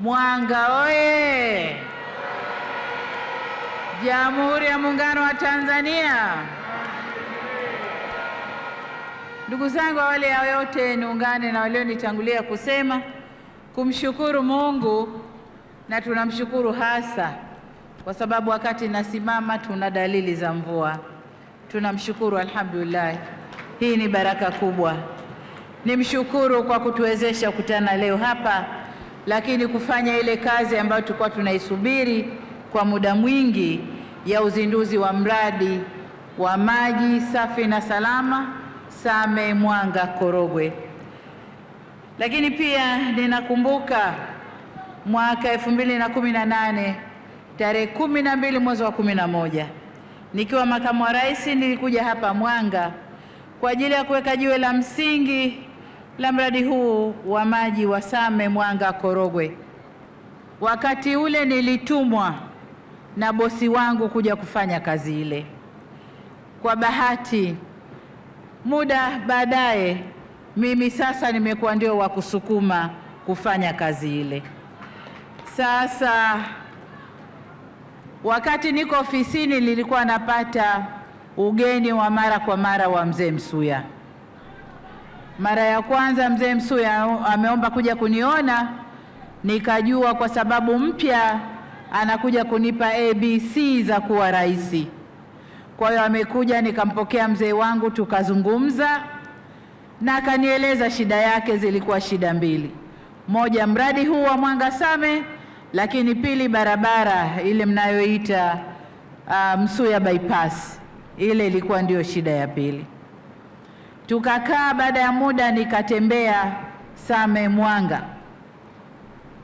Mwanga oye! Jamhuri ya Muungano wa Tanzania. Ndugu zangu, awali ya yote niungane na walionitangulia kusema kumshukuru Mungu, na tunamshukuru hasa kwa sababu wakati nasimama tuna dalili za mvua. Tunamshukuru, alhamdulillah, hii ni baraka kubwa. Nimshukuru kwa kutuwezesha kukutana leo hapa lakini kufanya ile kazi ambayo tulikuwa tunaisubiri kwa muda mwingi ya uzinduzi wa mradi wa maji safi na salama Same Mwanga Korogwe. Lakini pia ninakumbuka mwaka 2018 tarehe 12 mwezi wa 11 nikiwa makamu wa rais nilikuja hapa Mwanga kwa ajili ya kuweka jiwe la msingi la mradi huu wa maji wa Same Mwanga Korogwe. Wakati ule nilitumwa na bosi wangu kuja kufanya kazi ile. Kwa bahati, muda baadaye, mimi sasa nimekuwa ndio wa kusukuma kufanya kazi ile. Sasa wakati niko ofisini, nilikuwa napata ugeni wa mara kwa mara wa mzee Msuya. Mara ya kwanza mzee Msuya ameomba kuja kuniona, nikajua kwa sababu mpya anakuja kunipa ABC za kuwa rais. Kwa hiyo amekuja, nikampokea mzee wangu, tukazungumza na akanieleza shida yake. Zilikuwa shida mbili, moja mradi huu wa Mwanga Same, lakini pili barabara ile mnayoita uh, Msuya bypass, ile ilikuwa ndio shida ya pili. Tukakaa, baada ya muda nikatembea Same Mwanga,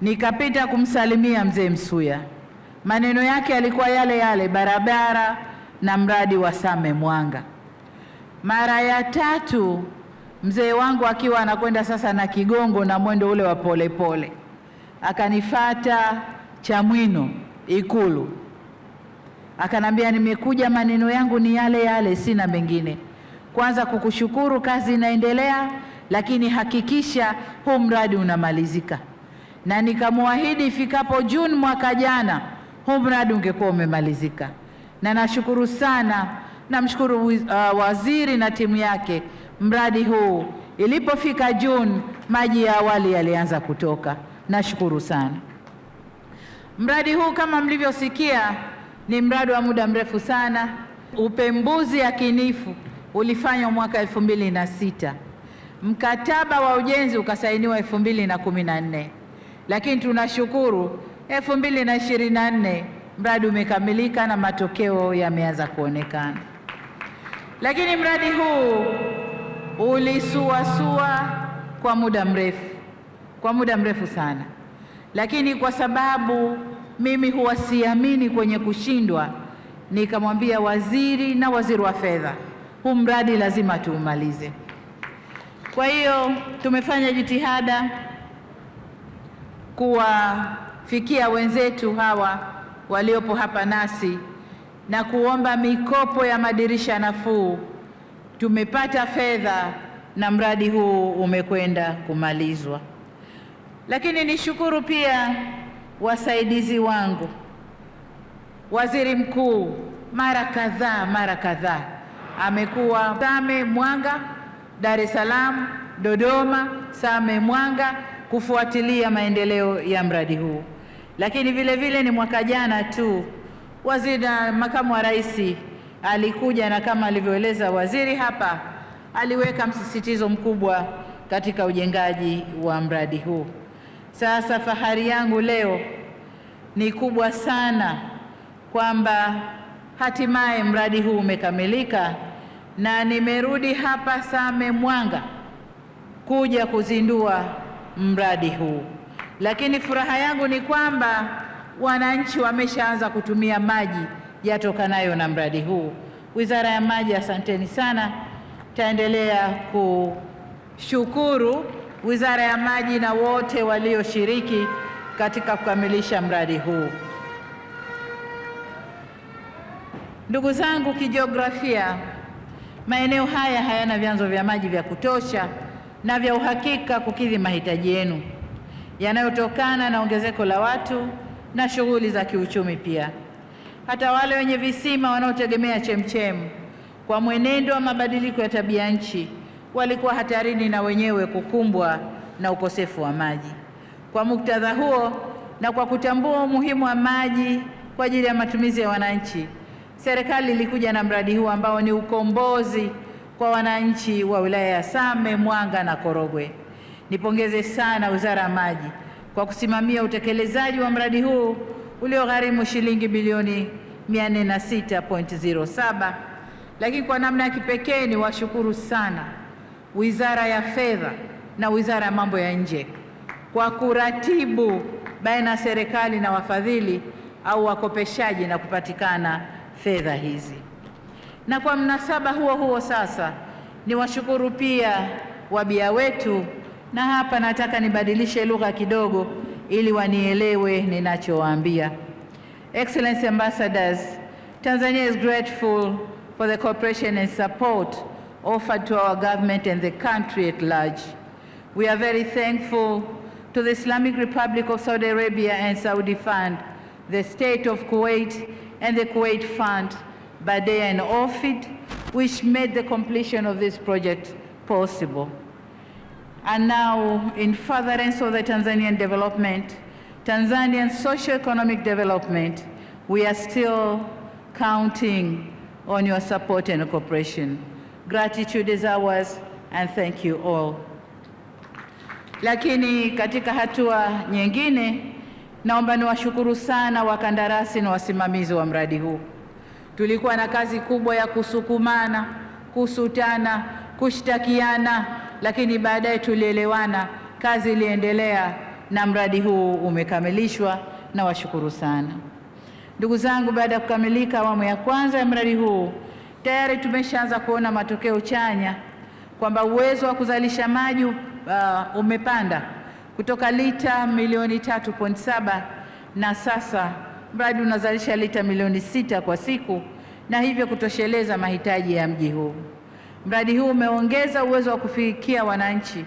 nikapita kumsalimia mzee Msuya. Maneno yake yalikuwa yale yale, barabara na mradi wa Same Mwanga. Mara ya tatu mzee wangu akiwa anakwenda sasa na Kigongo na mwendo ule wa polepole, akanifata Chamwino Ikulu, akanambia nimekuja, maneno yangu ni yale yale, sina mengine kwanza kukushukuru, kazi inaendelea, lakini hakikisha huu mradi unamalizika, na nikamwahidi ifikapo Juni mwaka jana huu mradi ungekuwa umemalizika, na nashukuru sana, namshukuru uh, waziri na timu yake. Mradi huu ilipofika Juni, maji ya awali yalianza kutoka. Nashukuru sana. Mradi huu kama mlivyosikia, ni mradi wa muda mrefu sana, upembuzi yakinifu ulifanywa mwaka sita Mkataba wa ujenzi ukasainiwa elfu2l na nne lakini tunashukuru nne mradi umekamilika na matokeo yameanza kuonekana. Lakini mradi huu ulisuasua kwa muda mrefu, kwa muda mrefu sana, lakini kwa sababu mimi huwa siamini kwenye kushindwa, nikamwambia waziri na waziri wa fedha huu mradi lazima tuumalize. Kwa hiyo tumefanya jitihada kuwafikia wenzetu hawa waliopo hapa nasi na kuomba mikopo ya madirisha nafuu. Tumepata fedha na mradi huu umekwenda kumalizwa. Lakini nishukuru pia wasaidizi wangu, waziri mkuu, mara kadhaa mara kadhaa amekuwa Same Mwanga, Dar es Salaam, Dodoma, Same Mwanga kufuatilia maendeleo ya mradi huu. Lakini vile vile ni mwaka jana tu waziri na makamu wa rais alikuja na kama alivyoeleza waziri hapa, aliweka msisitizo mkubwa katika ujengaji wa mradi huu. Sasa fahari yangu leo ni kubwa sana kwamba hatimaye mradi huu umekamilika na nimerudi hapa Same Mwanga kuja kuzindua mradi huu, lakini furaha yangu ni kwamba wananchi wameshaanza kutumia maji yatokanayo na mradi huu. Wizara ya Maji, asanteni sana. Taendelea kushukuru Wizara ya Maji na wote walioshiriki katika kukamilisha mradi huu. Ndugu zangu, kijiografia Maeneo haya hayana vyanzo vya maji vya kutosha na vya uhakika kukidhi mahitaji yenu yanayotokana na ongezeko la watu na shughuli za kiuchumi. Pia hata wale wenye visima wanaotegemea chemchem, kwa mwenendo wa mabadiliko ya tabia nchi, walikuwa hatarini na wenyewe kukumbwa na ukosefu wa maji. Kwa muktadha huo na kwa kutambua umuhimu wa maji kwa ajili ya matumizi ya wananchi Serikali ilikuja na mradi huu ambao ni ukombozi kwa wananchi wa wilaya ya Same, Mwanga na Korogwe. Nipongeze sana Wizara ya Maji kwa kusimamia utekelezaji wa mradi huu uliogharimu shilingi bilioni 406.07, lakini kwa namna ya kipekee ni washukuru sana Wizara ya Fedha na Wizara ya Mambo ya Nje kwa kuratibu baina ya serikali na wafadhili au wakopeshaji na kupatikana fedha hizi. Na kwa mnasaba huo huo sasa niwashukuru pia wabia wetu, na hapa nataka nibadilishe lugha kidogo ili wanielewe ninachowaambia. Excellency ambassadors, Tanzania is grateful for the cooperation and support offered to our government and the country at large. We are very thankful to the Islamic Republic of Saudi Arabia and Saudi Fund, the State of Kuwait and the Kuwait Fund, Badea and Ofid, which made the completion of this project possible. And now, in furtherance of the Tanzanian development, Tanzanian socio-economic development, we are still counting on your support and cooperation. Gratitude is ours and thank you all. Lakini katika hatua nyingine Naomba niwashukuru sana wakandarasi na wasimamizi wa mradi huu. Tulikuwa na kazi kubwa ya kusukumana, kusutana, kushtakiana, lakini baadaye tulielewana, kazi iliendelea na mradi huu umekamilishwa. Nawashukuru sana ndugu zangu. Baada ya kukamilika awamu ya kwanza ya mradi huu, tayari tumeshaanza kuona matokeo chanya kwamba uwezo wa kuzalisha maji uh, umepanda kutoka lita milioni 3.7 na sasa mradi unazalisha lita milioni sita kwa siku na hivyo kutosheleza mahitaji ya mji huu. Mradi huu umeongeza uwezo wa kufikia wananchi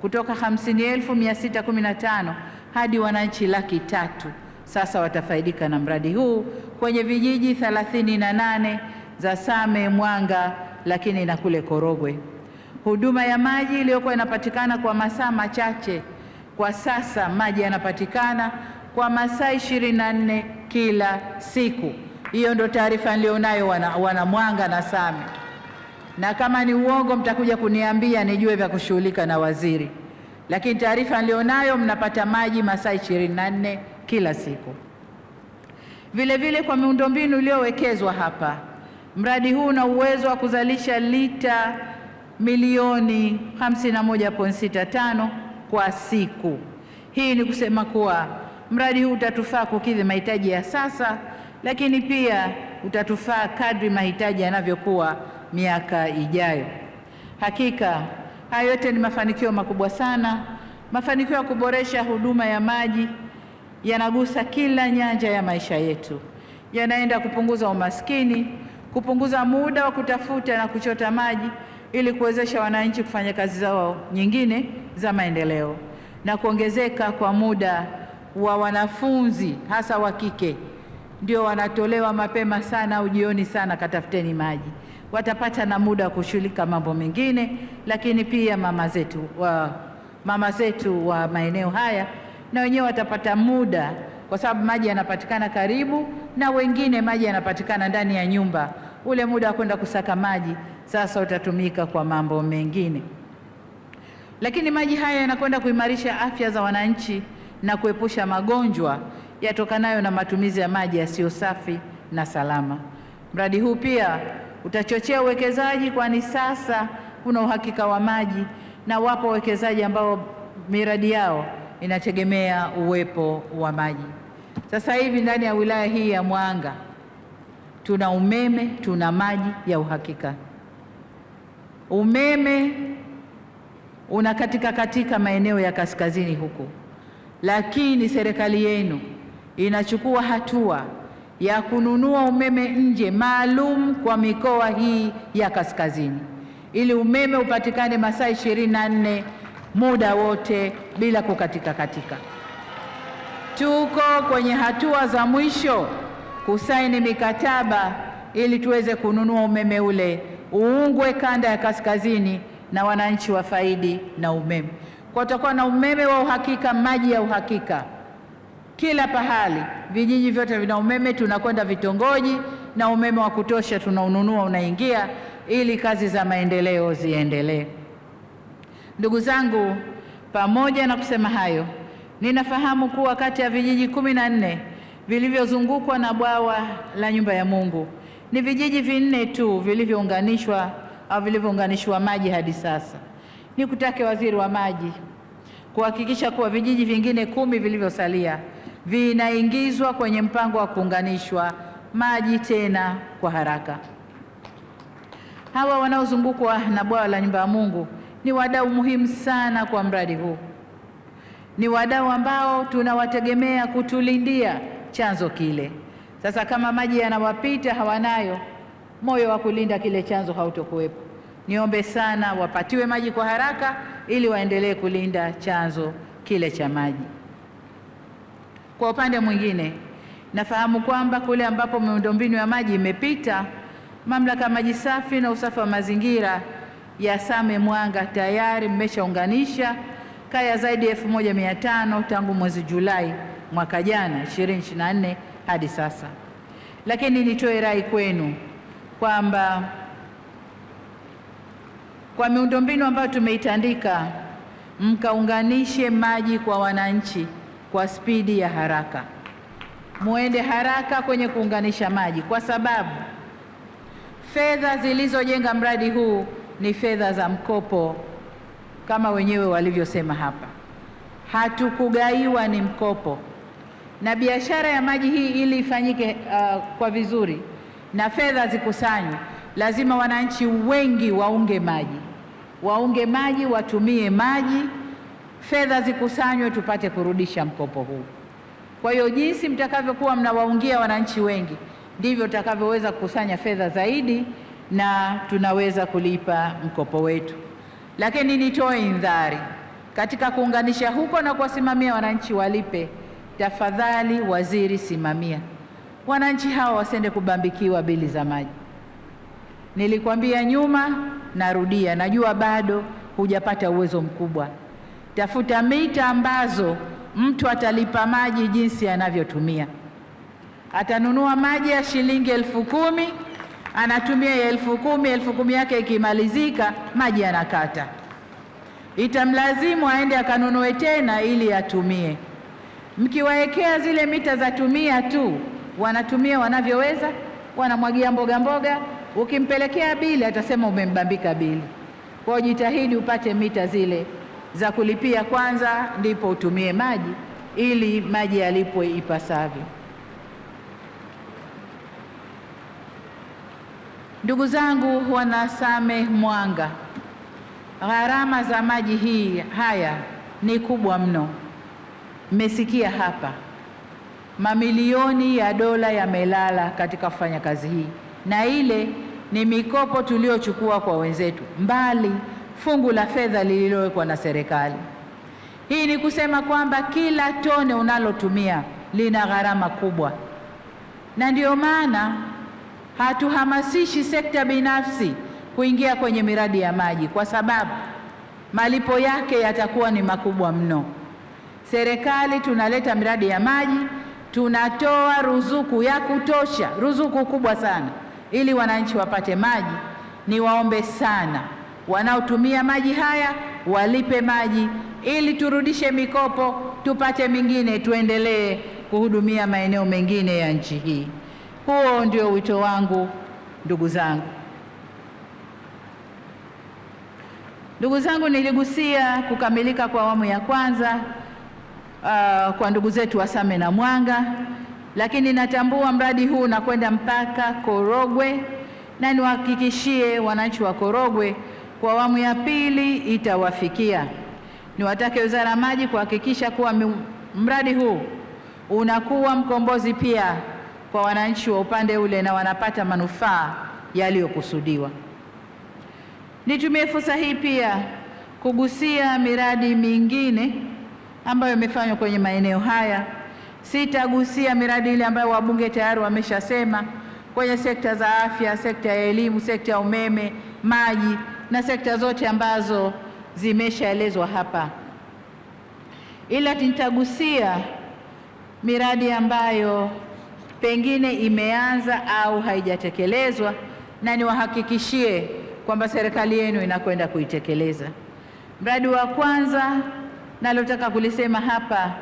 kutoka 50,615 hadi wananchi laki tatu sasa watafaidika na mradi huu kwenye vijiji 38 za Same, Mwanga, lakini na kule Korogwe. Huduma ya maji iliyokuwa inapatikana kwa masaa machache kwa sasa maji yanapatikana kwa masaa ishirini na nne kila siku. Hiyo ndo taarifa nilionayo, wana, wana Mwanga na Same, na kama ni uongo mtakuja kuniambia nijue vya kushughulika na waziri, lakini taarifa nilionayo mnapata maji masaa ishirini na nne kila siku. Vilevile vile kwa miundombinu iliyowekezwa hapa, mradi huu una uwezo wa kuzalisha lita milioni 51.65 kwa siku. Hii ni kusema kuwa mradi huu utatufaa kukidhi mahitaji ya sasa, lakini pia utatufaa kadri mahitaji yanavyokuwa miaka ijayo. Hakika haya yote ni mafanikio makubwa sana, mafanikio ya kuboresha huduma ya maji yanagusa kila nyanja ya maisha yetu, yanaenda kupunguza umaskini, kupunguza muda wa kutafuta na kuchota maji ili kuwezesha wananchi kufanya kazi zao nyingine za maendeleo, na kuongezeka kwa muda wa wanafunzi hasa wa kike, ndio wanatolewa mapema sana au jioni sana, katafuteni maji, watapata na muda wa kushughulika mambo mengine. Lakini pia mama zetu wa, mama zetu wa maeneo haya na wenyewe watapata muda, kwa sababu maji yanapatikana karibu, na wengine maji yanapatikana ndani ya nyumba. Ule muda wa kwenda kusaka maji sasa utatumika kwa mambo mengine. Lakini maji haya yanakwenda kuimarisha afya za wananchi na kuepusha magonjwa yatokanayo na matumizi ya maji yasiyo safi na salama. Mradi huu pia utachochea uwekezaji, kwani sasa kuna uhakika wa maji na wapo wawekezaji ambao miradi yao inategemea uwepo wa maji. Sasa hivi ndani ya wilaya hii ya Mwanga tuna umeme, tuna maji ya uhakika. Umeme una katika maeneo ya kaskazini huko, lakini serikali yenu inachukua hatua ya kununua umeme nje maalum kwa mikoa hii ya kaskazini, ili umeme upatikane masaa ishirini na nne muda wote bila kukatika katika. Tuko kwenye hatua za mwisho kusaini mikataba ili tuweze kununua umeme ule uungwe kanda ya kaskazini na wananchi wafaidi na umeme. Kwa tutakuwa na umeme wa uhakika, maji ya uhakika kila pahali, vijiji vyote vina umeme, tunakwenda vitongoji na umeme wa kutosha, tunaununua unaingia, ili kazi za maendeleo ziendelee. Ndugu zangu, pamoja na kusema hayo, ninafahamu kuwa kati ya vijiji kumi na nne vilivyozungukwa na bwawa la nyumba ya Mungu ni vijiji vinne tu vilivyounganishwa au vilivyounganishwa maji hadi sasa. Nikutake waziri wa maji kuhakikisha kuwa vijiji vingine kumi vilivyosalia vinaingizwa kwenye mpango wa kuunganishwa maji tena kwa haraka. Hawa wanaozungukwa na bwawa la nyumba ya Mungu ni wadau muhimu sana kwa mradi huu. Ni wadau ambao tunawategemea kutulindia chanzo kile. Sasa kama maji yanawapita hawanayo, moyo wa kulinda kile chanzo hautokuwepo. Niombe sana wapatiwe maji kwa haraka, ili waendelee kulinda chanzo kile cha maji. Kwa upande mwingine, nafahamu kwamba kule ambapo miundombinu ya maji imepita, mamlaka ya maji safi na usafi wa mazingira ya Same Mwanga tayari mmeshaunganisha kaya zaidi ya elfu moja mia tano tangu mwezi Julai mwaka jana 2024 hadi sasa. Lakini nitoe rai kwenu kwamba kwa miundombinu ambayo tumeitandika, mkaunganishe maji kwa wananchi kwa spidi ya haraka, muende haraka kwenye kuunganisha maji, kwa sababu fedha zilizojenga mradi huu ni fedha za mkopo, kama wenyewe walivyosema hapa, hatukugaiwa, ni mkopo na biashara ya maji hii ili ifanyike uh, kwa vizuri na fedha zikusanywe, lazima wananchi wengi waunge maji, waunge maji, watumie maji, fedha zikusanywe, tupate kurudisha mkopo huu. Kwa hiyo jinsi mtakavyokuwa mnawaungia wananchi wengi, ndivyo tutakavyoweza kukusanya fedha zaidi na tunaweza kulipa mkopo wetu. Lakini nitoe indhari katika kuunganisha huko na kuwasimamia wananchi walipe tafadhali waziri, simamia wananchi hawa wasende kubambikiwa bili za maji. Nilikwambia nyuma, narudia, najua bado hujapata uwezo mkubwa. Tafuta mita ambazo mtu atalipa maji jinsi anavyotumia. Atanunua maji ya shilingi elfu kumi anatumia ya elfu kumi elfu kumi yake ikimalizika, maji anakata, itamlazimu aende akanunue tena ili atumie mkiwaekea zile mita za tumia tu, wanatumia wanavyoweza, wanamwagia mboga mboga. Ukimpelekea bili atasema umembambika bili. Kwa hiyo jitahidi upate mita zile za kulipia kwanza, ndipo utumie maji ili maji yalipwe ipasavyo. Ndugu zangu wanasame Mwanga, gharama za maji hii haya ni kubwa mno. Mmesikia hapa, mamilioni ya dola yamelala katika kufanya kazi hii, na ile ni mikopo tuliochukua kwa wenzetu, mbali fungu la fedha lililowekwa na serikali. Hii ni kusema kwamba kila tone unalotumia lina gharama kubwa, na ndiyo maana hatuhamasishi sekta binafsi kuingia kwenye miradi ya maji, kwa sababu malipo yake yatakuwa ni makubwa mno serikali tunaleta miradi ya maji, tunatoa ruzuku ya kutosha, ruzuku kubwa sana, ili wananchi wapate maji. Niwaombe sana wanaotumia maji haya walipe maji, ili turudishe mikopo, tupate mingine, tuendelee kuhudumia maeneo mengine ya nchi hii. Huo ndio wito wangu, ndugu zangu. Ndugu zangu, niligusia kukamilika kwa awamu ya kwanza uh, kwa ndugu zetu wa Same na Mwanga, lakini natambua mradi huu unakwenda mpaka Korogwe, na niwahakikishie wananchi wa Korogwe kwa awamu ya pili itawafikia. Niwatake Wizara ya Maji kuhakikisha kuwa mradi huu unakuwa mkombozi pia kwa wananchi wa upande ule na wanapata manufaa yaliyokusudiwa. Nitumie fursa hii pia kugusia miradi mingine ambayo imefanywa kwenye maeneo haya. Sitagusia miradi ile ambayo wabunge tayari wameshasema kwenye sekta za afya, sekta ya elimu, sekta ya umeme, maji na sekta zote ambazo zimeshaelezwa hapa, ila nitagusia miradi ambayo pengine imeanza au haijatekelezwa, na niwahakikishie kwamba serikali yenu inakwenda kuitekeleza. Mradi wa kwanza nalotaka kulisema hapa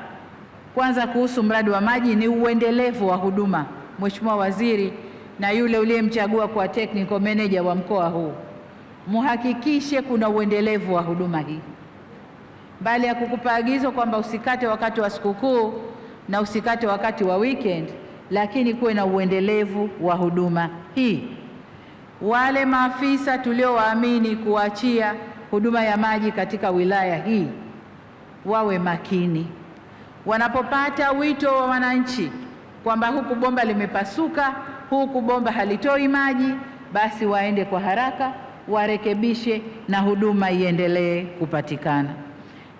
kwanza kuhusu mradi wa maji ni uendelevu wa huduma. Mheshimiwa Waziri na yule uliyemchagua kwa technical manager wa mkoa huu, muhakikishe kuna uendelevu wa huduma hii, mbali ya kukupa agizo kwamba usikate wakati wa sikukuu na usikate wakati wa weekend, lakini kuwe na uendelevu wa huduma hii. Wale maafisa tuliowaamini kuachia huduma ya maji katika wilaya hii wawe makini wanapopata wito wa wananchi kwamba huku bomba limepasuka, huku bomba halitoi maji, basi waende kwa haraka warekebishe na huduma iendelee kupatikana.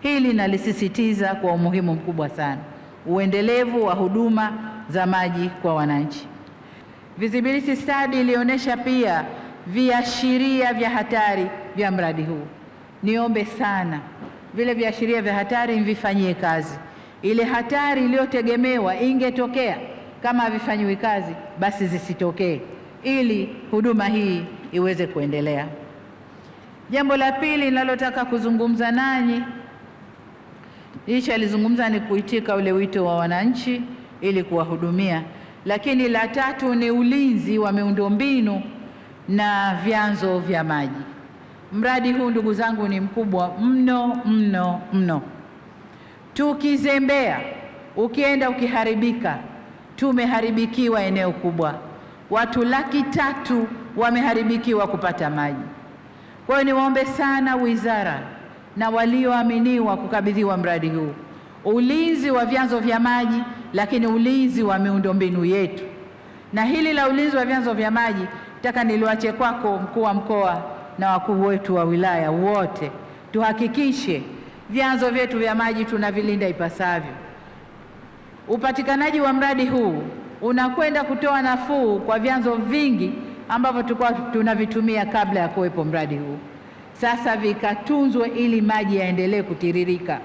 Hili nalisisitiza kwa umuhimu mkubwa sana, uendelevu wa huduma za maji kwa wananchi. Visibility study ilionyesha pia viashiria vya hatari vya mradi huu. Niombe sana vile viashiria vya hatari mvifanyie kazi. Ile hatari iliyotegemewa ingetokea kama havifanyiwi kazi, basi zisitokee ili huduma hii iweze kuendelea. Jambo la pili ninalotaka kuzungumza nanyi, hicho alizungumza ni kuitika ule wito wa wananchi ili kuwahudumia, lakini la tatu ni ulinzi wa miundombinu na vyanzo vya maji. Mradi huu ndugu zangu ni mkubwa mno mno mno. Tukizembea, ukienda ukiharibika, tumeharibikiwa eneo kubwa. Watu laki tatu wameharibikiwa kupata maji. Kwa hiyo niwaombe sana wizara na walioaminiwa kukabidhiwa mradi huu, ulinzi wa vyanzo vya maji, lakini ulinzi wa miundombinu yetu. Na hili la ulinzi wa vyanzo vya maji nataka niliwache kwako, mkuu wa mkoa na wakuu wetu wa wilaya wote tuhakikishe vyanzo vyetu vya maji tunavilinda ipasavyo. Upatikanaji wa mradi huu unakwenda kutoa nafuu kwa vyanzo vingi ambavyo tulikuwa tunavitumia kabla ya kuwepo mradi huu, sasa vikatunzwe ili maji yaendelee kutiririka.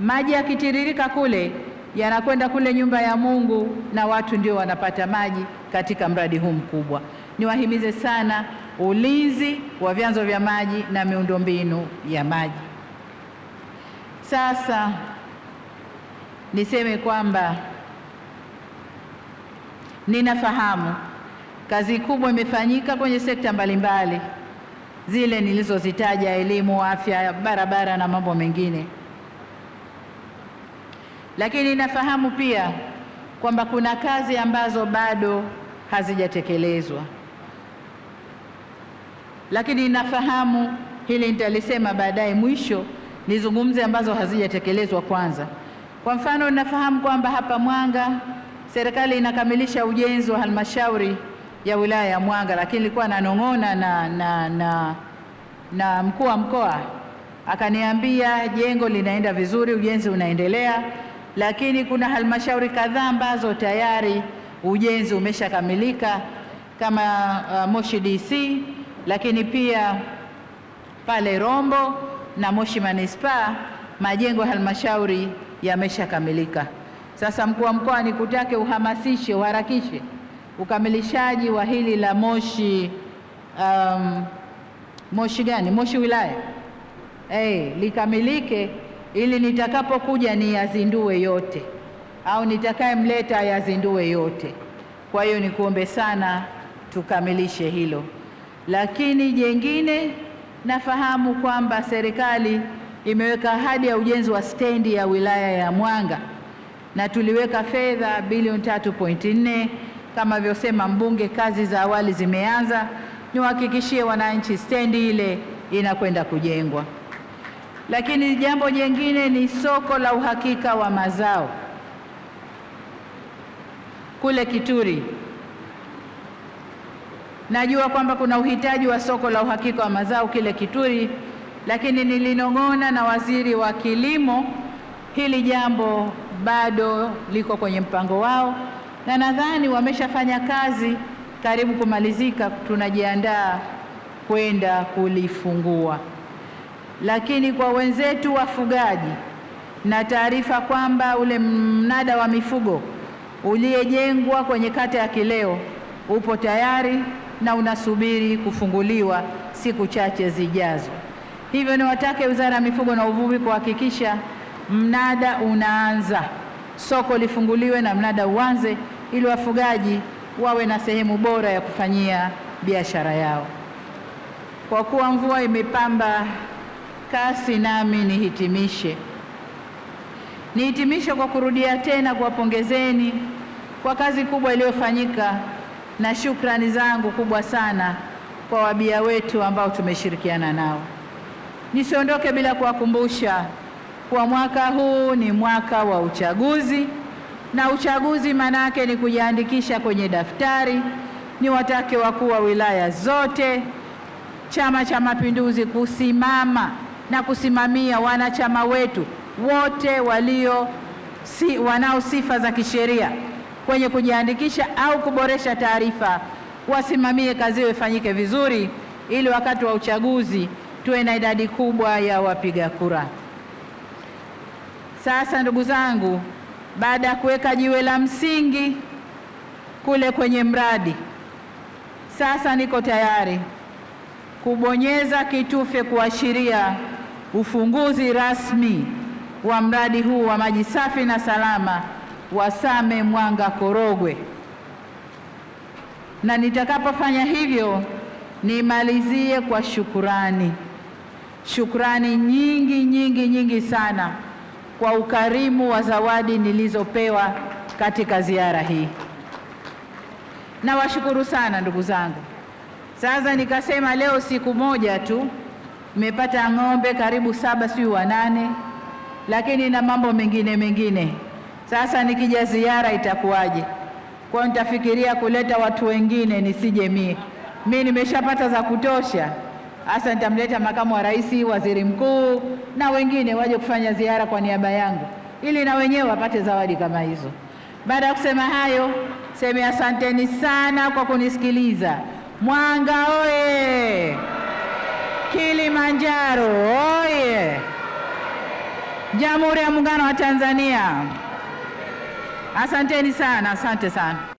Maji yakitiririka kule yanakwenda kule nyumba ya Mungu na watu ndio wanapata maji katika mradi huu mkubwa. Niwahimize sana ulinzi wa vyanzo vya maji na miundombinu ya maji. Sasa niseme kwamba ninafahamu kazi kubwa imefanyika kwenye sekta mbalimbali zile nilizozitaja: elimu, afya, barabara na mambo mengine, lakini ninafahamu pia kwamba kuna kazi ambazo bado hazijatekelezwa lakini nafahamu hili nitalisema baadaye mwisho, nizungumze ambazo hazijatekelezwa kwanza. Kwa mfano, nafahamu kwamba hapa Mwanga serikali inakamilisha ujenzi wa halmashauri ya wilaya ya Mwanga, lakini ilikuwa nanong'ona na, na, na, na mkuu wa mkoa akaniambia jengo linaenda vizuri, ujenzi unaendelea, lakini kuna halmashauri kadhaa ambazo tayari ujenzi umeshakamilika kama uh, Moshi DC lakini pia pale Rombo na Moshi Manispaa majengo ya halmashauri yameshakamilika. Sasa mkuu wa mkoa, nikutake uhamasishe, uharakishe ukamilishaji wa hili la Moshi um, Moshi gani? Moshi wilaya hey, eh, likamilike ili nitakapokuja niyazindue yote au nitakayemleta yazindue yote. Kwa hiyo nikuombe sana tukamilishe hilo. Lakini jengine, nafahamu kwamba serikali imeweka ahadi ya ujenzi wa stendi ya wilaya ya Mwanga na tuliweka fedha bilioni 3.4 kama vyosema mbunge, kazi za awali zimeanza. Niwahakikishie wananchi stendi ile inakwenda kujengwa. Lakini jambo jengine ni soko la uhakika wa mazao kule Kituri. Najua kwamba kuna uhitaji wa soko la uhakika wa mazao kile Kituri, lakini nilinong'ona na waziri wa kilimo, hili jambo bado liko kwenye mpango wao, na nadhani wameshafanya kazi karibu kumalizika, tunajiandaa kwenda kulifungua. Lakini kwa wenzetu wafugaji, na taarifa kwamba ule mnada wa mifugo uliyejengwa kwenye kata ya Kileo upo tayari na unasubiri kufunguliwa siku chache zijazo. Hivyo niwatake Wizara ya Mifugo na Uvuvi kuhakikisha mnada unaanza, soko lifunguliwe na mnada uanze, ili wafugaji wawe na sehemu bora ya kufanyia biashara yao. Kwa kuwa mvua imepamba kasi, nami nihitimishe nihitimishe kwa kurudia tena kuwapongezeni kwa kazi kubwa iliyofanyika na shukrani zangu kubwa sana kwa wabia wetu ambao tumeshirikiana nao. Nisiondoke bila kuwakumbusha kwa mwaka huu ni mwaka wa uchaguzi, na uchaguzi maana yake ni kujiandikisha kwenye daftari. Ni watake wakuu wa wilaya zote Chama cha Mapinduzi kusimama na kusimamia wanachama wetu wote walio si, wanao sifa za kisheria kwenye kujiandikisha au kuboresha taarifa, wasimamie kazi hiyo ifanyike vizuri, ili wakati wa uchaguzi tuwe na idadi kubwa ya wapiga kura. Sasa ndugu zangu, baada ya kuweka jiwe la msingi kule kwenye mradi, sasa niko tayari kubonyeza kitufe kuashiria ufunguzi rasmi wa mradi huu wa maji safi na salama Wasame Mwanga Korogwe, na nitakapofanya hivyo nimalizie kwa shukurani, shukurani nyingi nyingi nyingi sana kwa ukarimu wa zawadi nilizopewa katika ziara hii. Nawashukuru sana ndugu zangu. Sasa nikasema leo siku moja tu nimepata ng'ombe karibu saba, sijui wanane, lakini na mambo mengine mengine sasa nikija ziara itakuwaje? Kwa hiyo nitafikiria kuleta watu wengine, nisije mie. Mi nimeshapata za kutosha. Sasa nitamleta makamu wa rais, waziri mkuu na wengine waje kufanya ziara kwa niaba yangu, ili na wenyewe wapate zawadi kama hizo. Baada ya kusema hayo, seme asanteni sana kwa kunisikiliza. Mwanga oye! Kilimanjaro oye! Jamhuri ya Muungano wa Tanzania! Asanteni sana, asante sana.